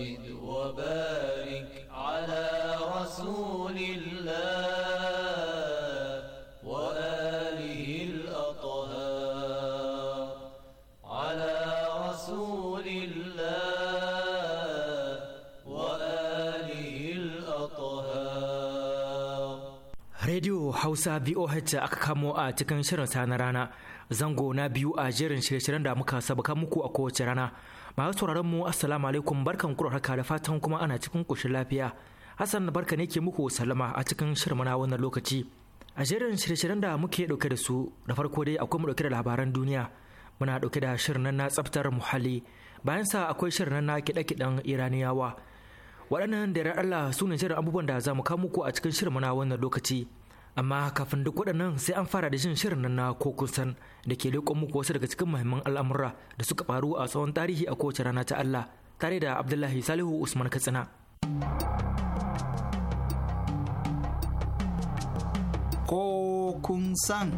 وزد وبارك على رسول الله وآله الأطهار على رسول الله وآله الأطهار راديو aka kamo a cikin shirin na rana zango na biyu a jerin shirye-shiryen da muka sabaka muku a kowace rana masu sauraron mu assalamu alaikum barkan ku haka da fatan kuma ana cikin koshin lafiya hassan barka ne ke muku sallama a cikin shirma na wannan lokaci a jerin shirye-shiryen da muke dauke da su da farko dai akwai mu dauke da labaran duniya muna dauke da shirin na tsaftar muhalli bayan sa akwai shirin na kiɗe-kiɗen iraniyawa waɗannan da Allah su ne shirin abubuwan da za mu kawo muku a cikin shirma na wannan lokaci amma kafin duk waɗannan sai an fara da shin shirin nan na ko kusan da ke leƙon muku wasu daga cikin muhimman al'amura da suka faru a tsawon tarihi a kowace rana ta Allah tare da Abdullahi Salihu Usman Katsina. kokun san.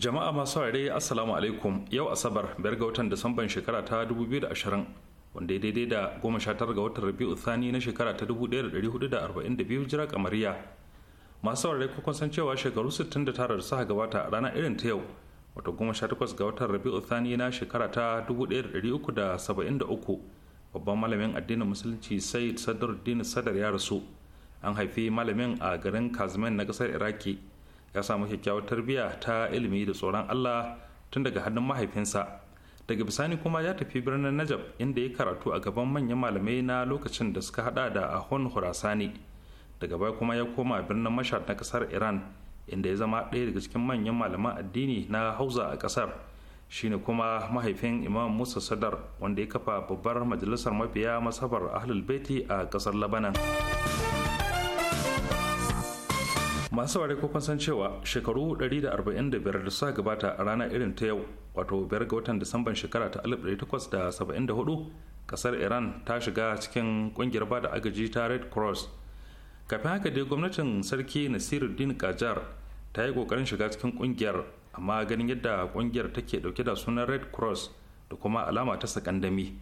Jama'a masu haure Assalamu alaikum yau Asabar biyar ga watan Disamban shekara ta 2020 wanda ya daidai da goma sha ga watan rabi'u thani na shekara ta 1442 jira kamariya masu saurare kun san cewa shekaru 69 da suka gabata a rana irin ta yau wato goma sha takwas ga watan rabi'u thani na shekara ta 1373 babban malamin addinin musulunci sayyid sadruddin sadar ya rasu an haifi malamin a garin kazmen na kasar iraki ya samu kyakkyawar tarbiyya ta ilimi da tsoron allah tun daga hannun mahaifinsa daga bisani kuma ya tafi birnin najab inda ya karatu a gaban manyan malamai na lokacin da suka hada da ahon hurasani daga baya kuma ya koma birnin mashad na kasar iran inda ya zama ɗaya daga cikin manyan malaman addini na hausa a kasar shine kuma mahaifin imam musa sadar wanda ya kafa babbar majalisar mafiya masabar ahlul baiti a kasar labanan masu saurari ko kun san cewa shekaru 145 da suka gabata a rana irin ta yau wato biyar ga watan disamban shekara ta 1874 kasar iran ta shiga cikin kungiyar bada agaji ta red cross kafin haka dai gwamnatin sarki nasiruddin kajar ta yi kokarin shiga cikin kungiyar amma ganin yadda kungiyar take dauke da sunan red cross da kuma alama ta sakandami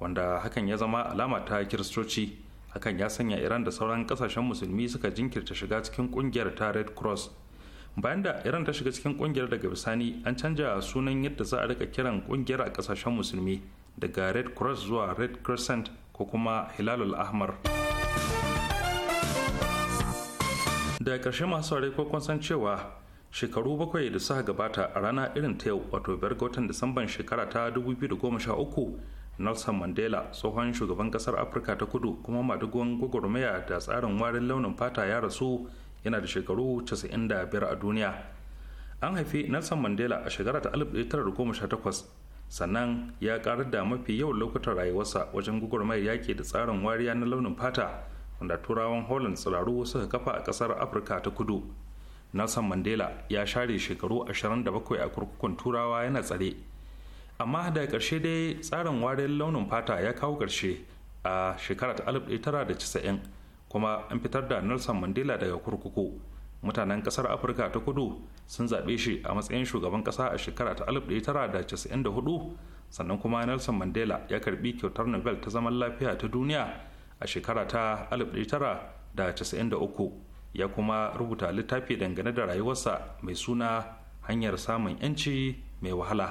wanda hakan ya zama alama ta kiristoci hakan ya sanya iran da sauran kasashen musulmi suka jinkirta shiga cikin kungiyar ta red cross bayan da iran ta shiga cikin kungiyar daga bisani an canja sunan yadda za a rika kiran kungiyar a kasashen musulmi daga red cross zuwa red crescent ko kuma hilalul ahmar da ƙarshe masu saurari ko kun san cewa shekaru bakwai da suka gabata a rana irin ta yau wato 5 ga watan disamban shekara ta 2013 nelson mandela tsohon shugaban kasar afirka ta kudu kuma madugon gwagwarmaya da tsarin warin launin fata ya rasu yana da shekaru 95 a duniya an haifi nelson mandela a shekara ta 1918 sannan ya karar da mafi yawan lokutan rayuwarsa wajen gwagwarmayar yaki da tsarin wariya na launin fata wanda turawan holland tsiraru suka kafa a kasar afirka ta kudu nelson mandela ya share shekaru 27 a kurkukun turawa yana tsare amma da karshe dai tsarin wariyar launin fata ya kawo karshe a shekarar 1990 kuma an fitar da nelson mandela daga kurkuku mutanen ƙasar afirka ta kudu sun zaɓe shi a matsayin shugaban ƙasa a shekarar 1994 sannan kuma nelson mandela ya karbi kyautar nobel ta zaman lafiya ta duniya a shekara ta 1993 ya kuma rubuta littafi dangane da rayuwarsa mai suna hanyar samun 'yanci mai wahala.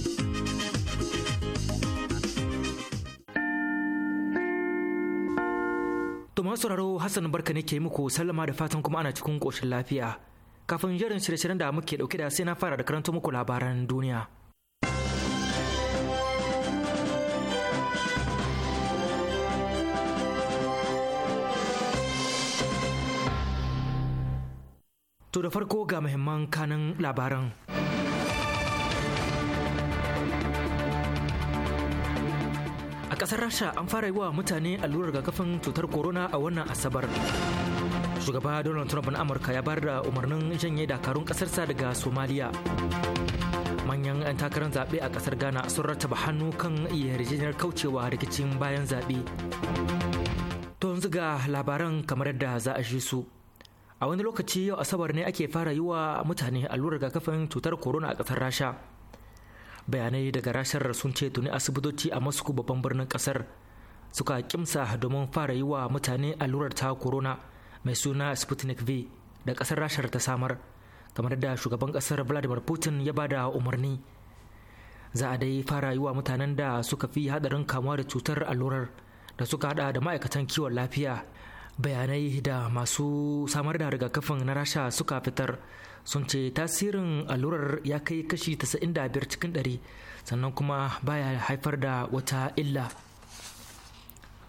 To sauraro Hassan barka ne ke muku sallama da fatan kuma ana cikin ƙoshin lafiya. Kafin jerin shirye-shiryen da muke ɗauke da sai na fara da karanta muku labaran duniya. To da farko ga muhimman kanin labaran. a ƙasar rasha an fara yi wa mutane allurar rigakafin cutar corona a wannan asabar shugaba donald trump na amurka ya bar da umarnin janye dakarun ƙasarsa daga somaliya manyan 'yan takarar zaɓe a ƙasar ghana sun rattaba hannu kan yarjejeniyar kaucewa rikicin bayan zaɓe to ziga labaran kamar yadda za a su a wani lokaci yau asabar ne ake fara yi wa mutane allurar rigakafin cutar corona a ƙasar rasha bayanai daga rashar sun ce tuni asibitoci a masku babban birnin kasar suka kimsa domin fara yi wa mutane allurar ta corona mai suna sputnik v da kasar rashar ta samar kamar da shugaban kasar vladimir putin ya bada umarni za a dai fara yi wa mutanen da suka fi hadarin kamuwa da cutar allurar da suka hada da ma'aikatan kiwon lafiya bayanai da masu samar da rigakafin na rasha suka fitar sun ce tasirin allurar ya kai kashi 95 cikin 100 sannan kuma baya haifar da wata illa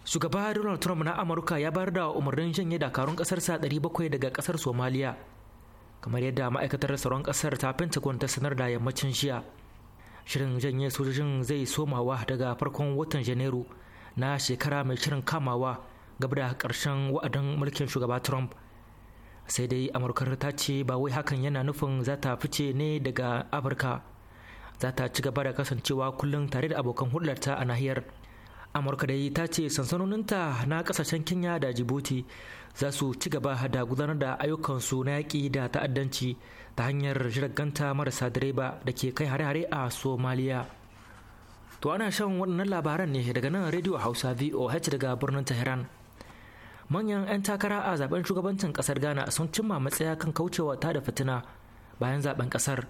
shugaba donald trump na amurka ya bayar da umarnin janye dakarun kasar sa 700 daga kasar somaliya kamar yadda ma'aikatar tsaron kasar ta pentagon ta sanar da yammacin jiya shirin janye sojojin zai somawa daga farkon watan janairu na shekara mai shirin kamawa gaba da karshen wa'adin mulkin shugaba trump sai dai amurkar ta ce ba wai hakan yana nufin za ta fice ne daga afirka za ta ci gaba da kasancewa kullum tare da abokan hulɗarta a nahiyar amurka dai ta ce sansanoninta na kasashen kenya da jibuti za su ci gaba da gudanar da ayyukansu na yaƙi da ta'addanci ta hanyar jirganta marasa direba da ke kai hare-hare a somaliya to ana shan waɗannan labaran ne daga nan radio hausa voh daga birnin tehran manyan 'yan takara a zaben shugabancin kasar ghana sun cimma matsaya kan kaucewa ta da fitina bayan zaben kasar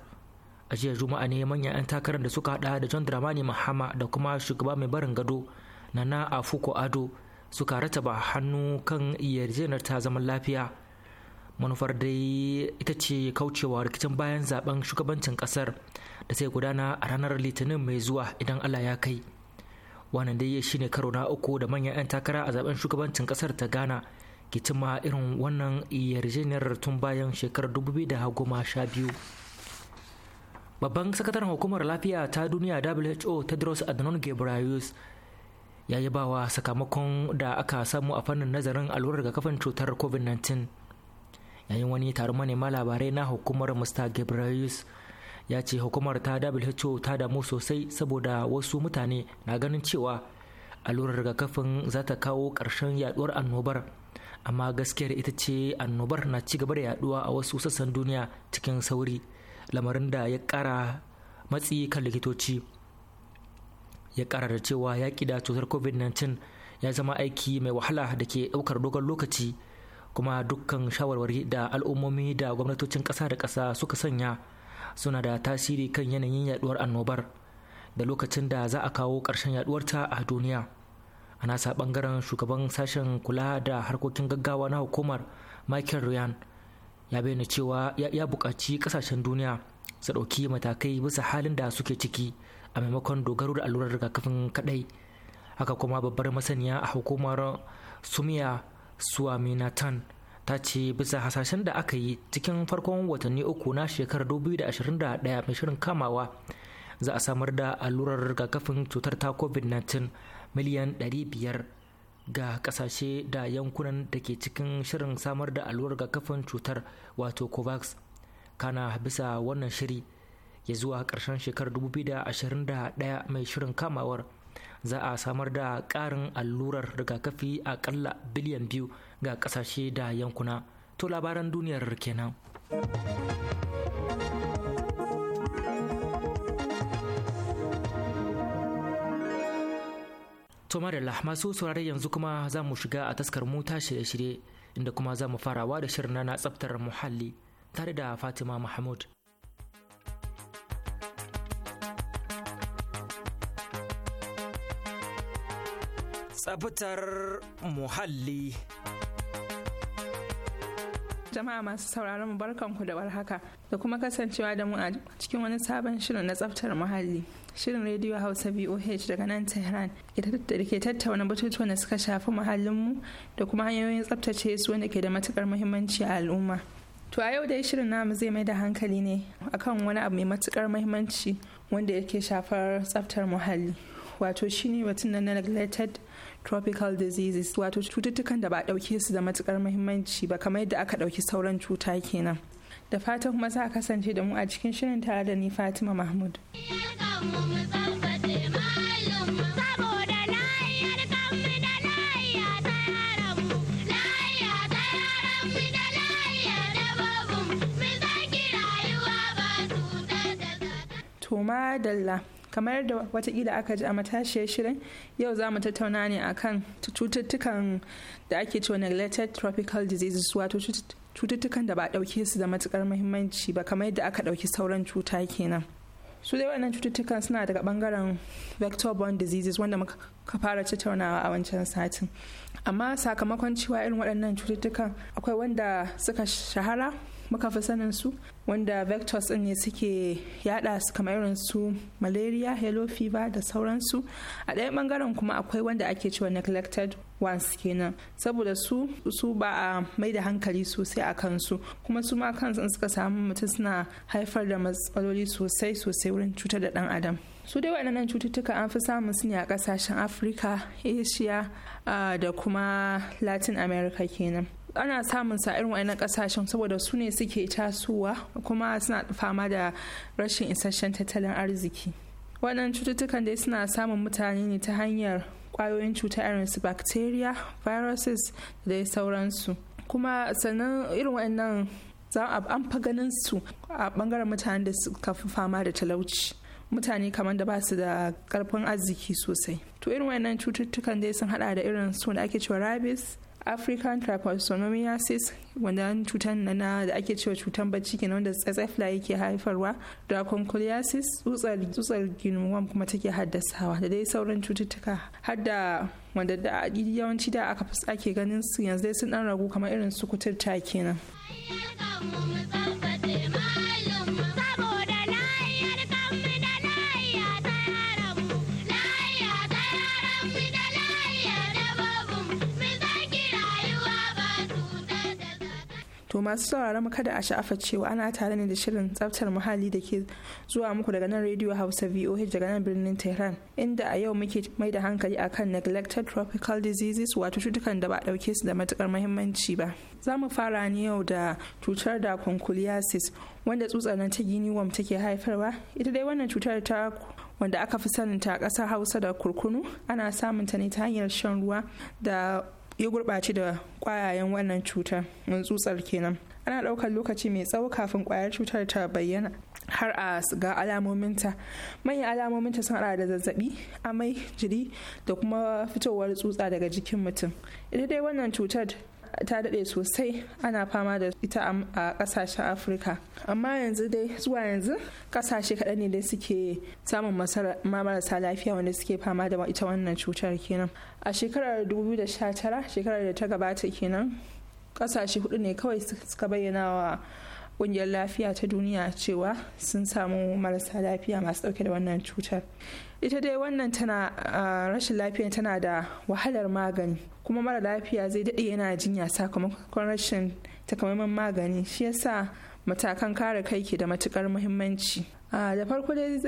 a jiya juma'a ne manyan 'yan takarar da suka hada da john dramani mahama da kuma shugaba mai barin gado nana afuko ado suka rataba hannu kan yarjejeniyar ta zaman lafiya manufar dai ita ce kaucewa rikicin bayan zaben shugabancin kasar da sai gudana a ranar litinin mai zuwa idan allah ya kai wannan dai shine karo na uku da manyan 'yan takara a zaben shugabancin kasar ta ghana ke irin wannan yarjejeniyar tun bayan shekarar 2012 babban sakataren hukumar lafiya ta duniya who tedros adnon ghebreyesus ya yi bawa sakamakon da aka samu a fannin nazarin allurar kafin cutar covid-19 yayin wani taron manema labarai na hukumar mr ghebreyesus ya ce hukumar ta who ta damu sosai saboda wasu mutane na ganin cewa allurar rigakafin za ta kawo ƙarshen yaduwar annobar amma gaskiyar ita ce annobar na ci gaba da yaduwa a wasu sassan duniya cikin sauri lamarin da ya ƙara matsi kan likitoci ya ƙara da cewa yaƙi da cutar covid-19 ya zama aiki mai wahala da ke ɗaukar dogon lokaci kuma dukkan shawarwari da al'ummomi da gwamnatocin ƙasa da ƙasa suka sanya suna da tasiri kan yanayin yaduwar annobar da lokacin da za a kawo ƙarshen yaduwarta a duniya a nasa bangaren shugaban sashen kula da harkokin gaggawa na hukumar michael ryan ya bayyana cewa ya buƙaci ƙasashen duniya su ɗauki matakai bisa halin da suke ciki a maimakon dogaro da allurar rigakafin kaɗai haka kuma babbar masaniya a hukumar sumiya suwaminatan ta ce bisa hasashen da aka yi cikin farkon watanni uku na shekarar 2021 mai shirin kamawa za a samar da allurar rigakafin cutar ta covid-19 miliyan 500 ga kasashe da yankunan da ke cikin shirin samar da allurar rigakafin cutar wato covax kana bisa wannan shiri ya zuwa ƙarshen shekarar 2021 mai shirin kamawar za a samar da ƙarin allurar rigakafi aƙalla biliyan biyu ga kasashe da yankuna to labaran duniyar kenan to marilla masu saurare yanzu kuma za mu shiga a taskar mota shirye-shirye inda kuma za mu farawa da shirin na tsaftar muhalli tare da fatima mahmud tsaftar muhalli jama'a masu sauraron mu ku da warhaka da kuma kasancewa da mu a cikin wani sabon shirin na tsaftar muhalli shirin rediyo hausa boh daga nan tehran da ke tattauna batutuwan da suka shafi muhallinmu da kuma hanyoyin tsaftace su wanda ke da matukar muhimmanci a al'umma to a yau dai shirin namu zai mai da hankali ne akan wani abu mai matukar muhimmanci wanda yake shafar tsaftar muhalli wato shine batun na neglected tropical diseases wato cututtukan da ba a ɗauke su da matukar muhimmanci ba kamar yadda aka ɗauki sauran cuta kenan da fatan kuma za a kasance da mu a cikin shirin tare da ni fatima mahmud Toma Dalla kamar da watakila aka ji a matashiyar shirin yau za mu tattauna ne kan cututtukan da ake cewa neglected tropical diseases wato cututtukan da ba a ɗauke su da matukar muhimmanci ba kamar yadda aka ɗauki sauran cuta kenan su dai wannan cututtukan suna daga bangaren vector borne diseases wanda muka fara tattaunawa a wancan satin amma sakamakon cewa irin waɗannan cututtukan akwai wanda suka shahara muka fi sanin su wanda vectors din ne suke yada su kamar irin su malaria yellow fever da sauransu a ɗaya ɓangaren kuma akwai wanda ake cewa neglected ones kenan saboda su su ba a mai da hankali sosai a kansu kuma su ma kansu suka samu mutum suna haifar da matsaloli sosai sosai wurin cutar da ɗan adam su dai waɗannan cututtuka an fi samun su ne a ƙasashen afirka asia ah, da kuma latin america kenan ana samun sa irin wayannan kasashen saboda su ne suke tasowa kuma suna fama da rashin isasshen tattalin arziki waɗannan cututtukan dai suna samun mutane ne ta hanyar kwayoyin cuta irin su bacteria viruses da dai sauransu kuma sannan irin wannan za a an fa ganin su a bangaren mutanen da suka fi fama da talauci mutane kamar da ba su da karfin arziki sosai to irin wannan cututtukan dai sun hada da irin su da ake cewa rabies african trypanosomiasis wanda cutan na da ake cewa cutan bacci kenan wanda tsatsafla yake haifarwa draconiculiasis tsutsar tsutsar kuma take haddasawa da dai sauran cututtuka har da wanda da yawanci da aka fi ake ganin su yanzu dai sun dan ragu kamar irin su kutar ta kenan. To masu sauraron mu kada a sha'afa cewa ana tare ne da shirin tsaftar muhalli da ke zuwa muku daga nan Radio Hausa VOH daga nan birnin Tehran inda a yau muke mai da hankali akan neglected tropical diseases wato cutukan da ba dauke su da matukar muhimmanci ba. Za mu fara ne yau da cutar da conculiasis wanda tsutsar nan ta giniwam take haifarwa ita dai wannan cutar ta wanda aka fi saninta a kasar Hausa da kurkunu ana samunta ne ta hanyar shan ruwa da ya gurɓaci da ƙwayayen wannan cutar tsutsar kenan ana ɗaukar lokaci mai tsawo kafin ƙwayar cutar ta bayyana har a ga alamominta manyan alamominta sun da zazzabi amai jiri da kuma fitowar tsutsa daga jikin mutum ita dai wannan cutar ta daɗe sosai ana fama da ita a ƙasashen afirka amma yanzu dai zuwa yanzu ƙasashe kaɗan ne dai suke samun marasa lafiya wanda suke fama da ita wannan cutar kenan a shekarar 2019 shekarar da ta gabata kenan kasashe hudu ne kawai suka bayyana wa kungiyar lafiya ta duniya cewa sun samu marasa lafiya masu dauke da wannan cutar ita dai wannan tana rashin lafiya tana da wahalar magani kuma mara lafiya zai daɗe yana jinya sakamakon rashin takamaiman magani shi yasa matakan kare kai ke da matukar muhimmanci Ah, da farko dai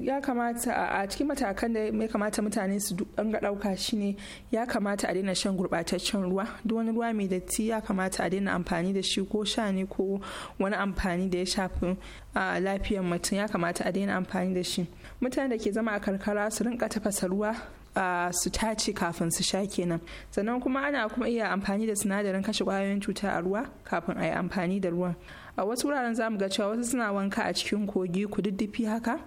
ya kamata a cikin matakan da ya kamata mutane su an ga dauka shine ya kamata a daina shan gurbataccen ruwa duk wani ruwa mai datti ya kamata a daina amfani da shi ko sha ne ko wani amfani da ya shafi lafiyar mutum ya kamata a daina amfani da shi mutane da ke zama a karkara su rinka tafasa ruwa Uh, su tace kafin su sha kenan sannan kuma ana kuma iya amfani da sinadarin kashe kwayoyin cuta a ruwa kafin a yi amfani da ruwan a wasu wuraren za mu ga cewa wasu suna wanka a cikin kogi kududdufi haka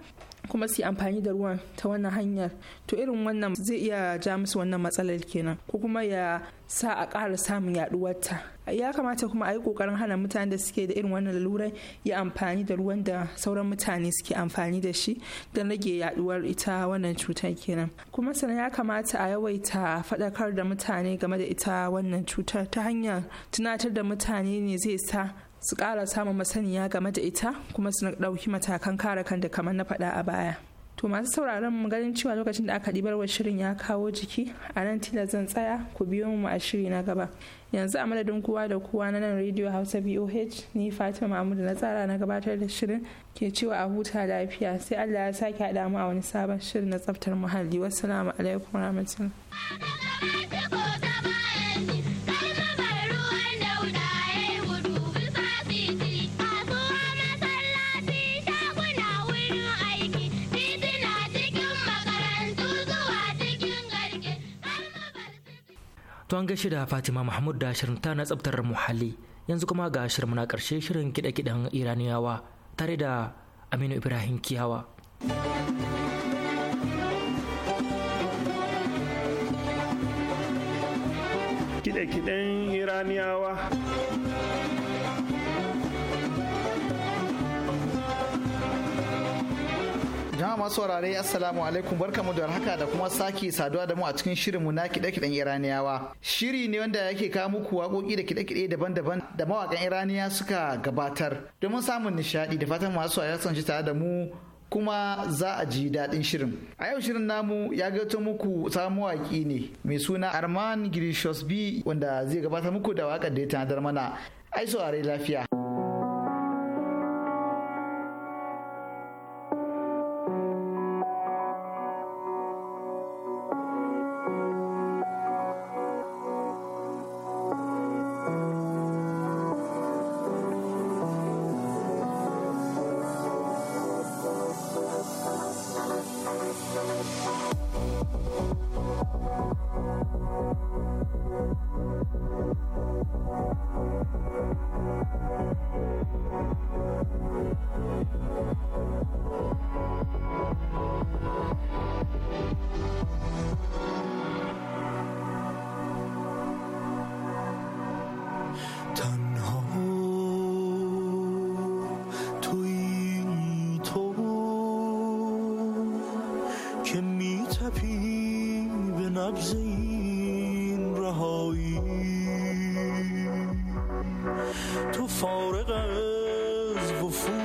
kuma su yi amfani da ruwan ta wannan hanyar to irin wannan zai iya ja musu wannan matsalar kenan ko kuma ya sa a ƙara samun yaɗuwar ta ya kamata kuma a yi ƙoƙarin hana mutane da suke da irin wannan lalurai ya amfani da ruwan da sauran mutane suke amfani da shi don rage yaduwar ita wannan cutar kenan kuma sana ya kamata a yawaita faɗakar da mutane game da ita wannan cutar ta hanyar tunatar da mutane ne zai sa su kara samun masaniya game da ita kuma su ɗauki matakan kare kanta kamar na faɗa a baya to masu sauraron mu ganin cewa lokacin da aka ɗibar wa shirin ya kawo jiki a nan tila zan tsaya ku biyo mu a shiri na gaba yanzu a madadin kowa da kowa na nan radio hausa boh ni fatima mahmud na tsara na gabatar da shirin ke cewa a huta lafiya sai allah ya sake haɗa mu a wani sabon shirin na tsaftar muhalli wasu alaikum warahmatullahi To an gaishe da Fatima Mahmud da shirin ta na tsabtar muhalli yanzu kuma ga shirin na karshe shirin kiɗe-kiɗen Iraniyawa tare da Aminu Ibrahim Kiyawa. Kiɗe-kiɗen Iraniyawa. masu warare assalamu alaikum barkamu da haka da kuma sake saduwa da mu a cikin shirinmu na kiɗe-kiɗen iraniyawa shiri ne wanda yake kawo muku waƙoƙi da kiɗe-kiɗe daban-daban da mawaƙan iraniya suka gabatar domin samun nishadi da fatan masu warare sun ji tare da mu kuma za a ji daɗin shirin a yau shirin namu ya gato muku sabon mawaƙi ne mai suna arman b wanda zai gabatar muku da waƙar da ya tanadar mana ai saurare lafiya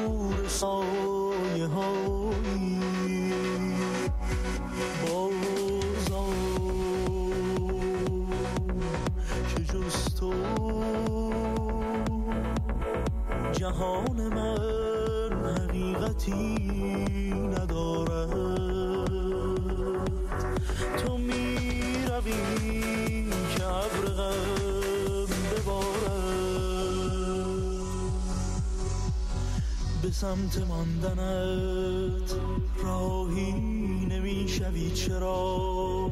دور سایه هایی جهان من حقیقتی ندارد تو می روی سمت ماندنت راهی نمیشوی چرا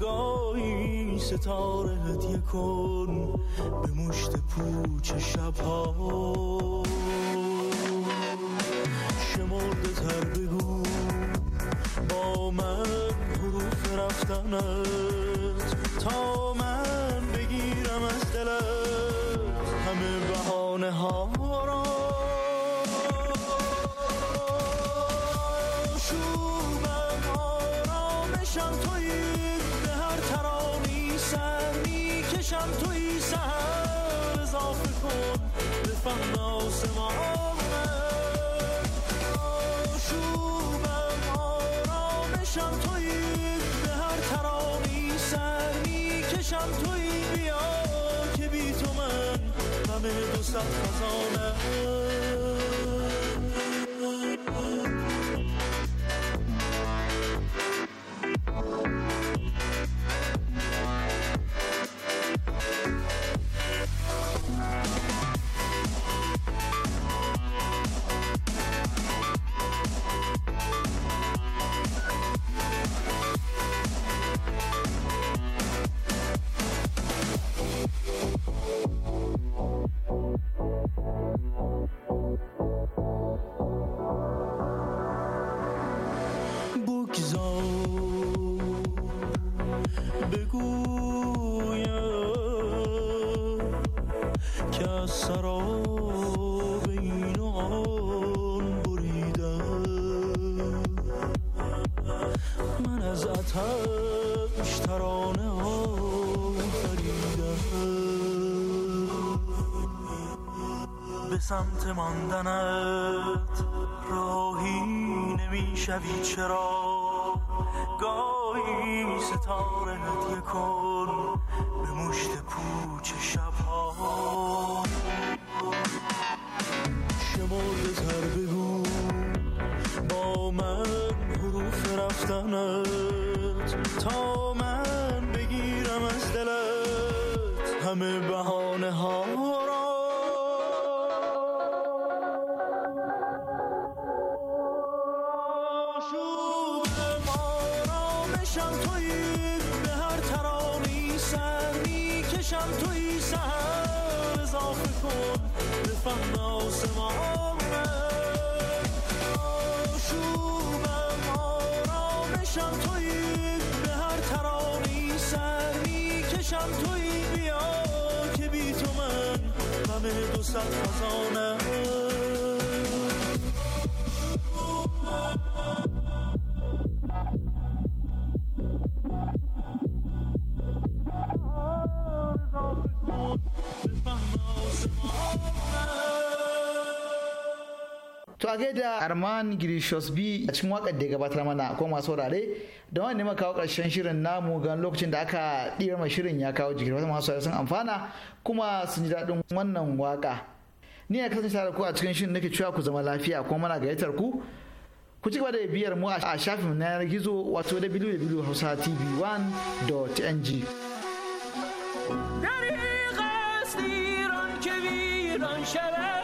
گاهی ستاره هدیه کن به مشت پوچ شبها شمرده تر بگو با من حروف رفتنت تا من بگیرم از دلت همه بهانه ها اینم توی بیا که بی تو من همه دوستم خزانم سمت ماندنت راهی نمیشوی چرا گاهی ستاره ندیه کن به مشت پوچ شبها شما تر بگو با من حروف رفتنت تا من بگیرم از دلت همه بهانه ها تو توی سهر اضافه کن به فهم آشوبم آرامشم توی به هر ترانی سر میکشم توی بیا که بی تو من همه دوست خزانم to a gaida arman grishos bi a cikin wakar da ya gabatar mana ko masu wurare da wani neman kawo karshen shirin namu ga lokacin da aka ɗira mai shirin ya kawo jikin wata masu sun amfana kuma sun ji daɗin wannan waka ni ya kasance tare ku a cikin shirin nake cewa ku zama lafiya kuma mana gayyatar ku ku ci gaba da biyar mu a shafin na gizo wato www.hausatv1.ng tv قصد ایران که ویران شود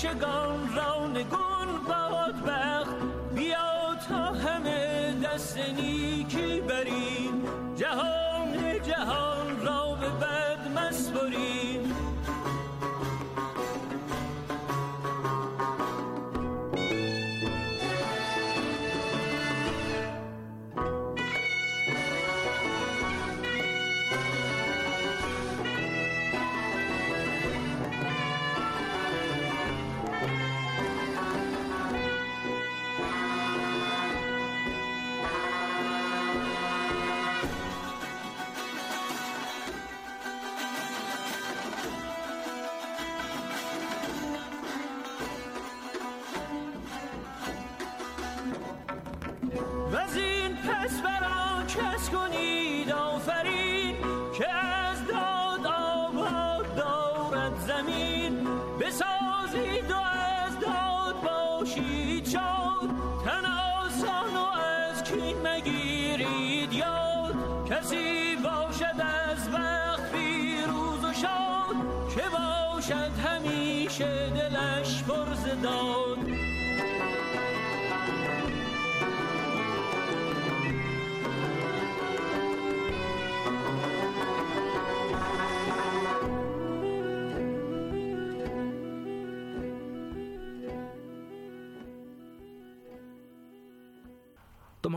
Michigan. کس کنید آفرین که از داد آباد دارد زمین بسازید و از داد باشید شاد تن آسان و از کین مگیرید یاد کسی باشد از وقت بیروز و شاد که باشد همیشه دلش پرز داد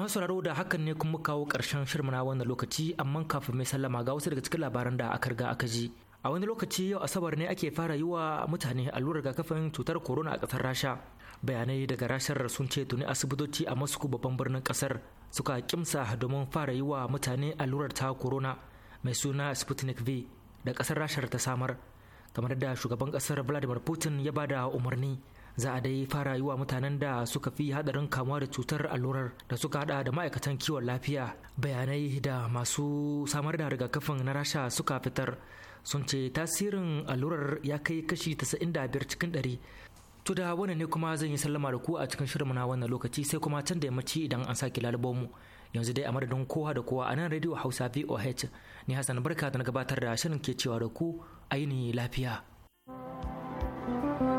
masu sauraro da hakan ne kuma kawo karshen shirma na wannan lokaci amma kafin mai sallama ga wasu daga cikin labaran da aka riga aka ji. A wani lokaci yau Asabar ne ake fara yi wa mutane allurar rigakafin cutar corona a ƙasar Rasha. Bayanai daga rashar sun ce tuni asibitoci a masu babban birnin ƙasar suka kimsa domin fara yi wa mutane allurar ta corona mai suna Sputnik V da ƙasar Rashar ta samar. Kamar da shugaban kasar Vladimir Putin ya bada umarni. za a dai fara yi wa mutanen da suka fi hadarin kamuwa da cutar allurar da suka hada da ma'aikatan kiwon lafiya bayanai da masu samar da rigakafin na rasha suka fitar sun ce tasirin allurar ya kai kashi 95 cikin 100 to da wannan ne kuma zan yi sallama da ku a cikin shirin na wannan lokaci sai kuma can da yammaci idan an sake lalubo mu yanzu dai a madadin kowa da kowa a nan radio hausa voh ni hassan barka da na gabatar da shirin ke cewa da ku aini lafiya thank you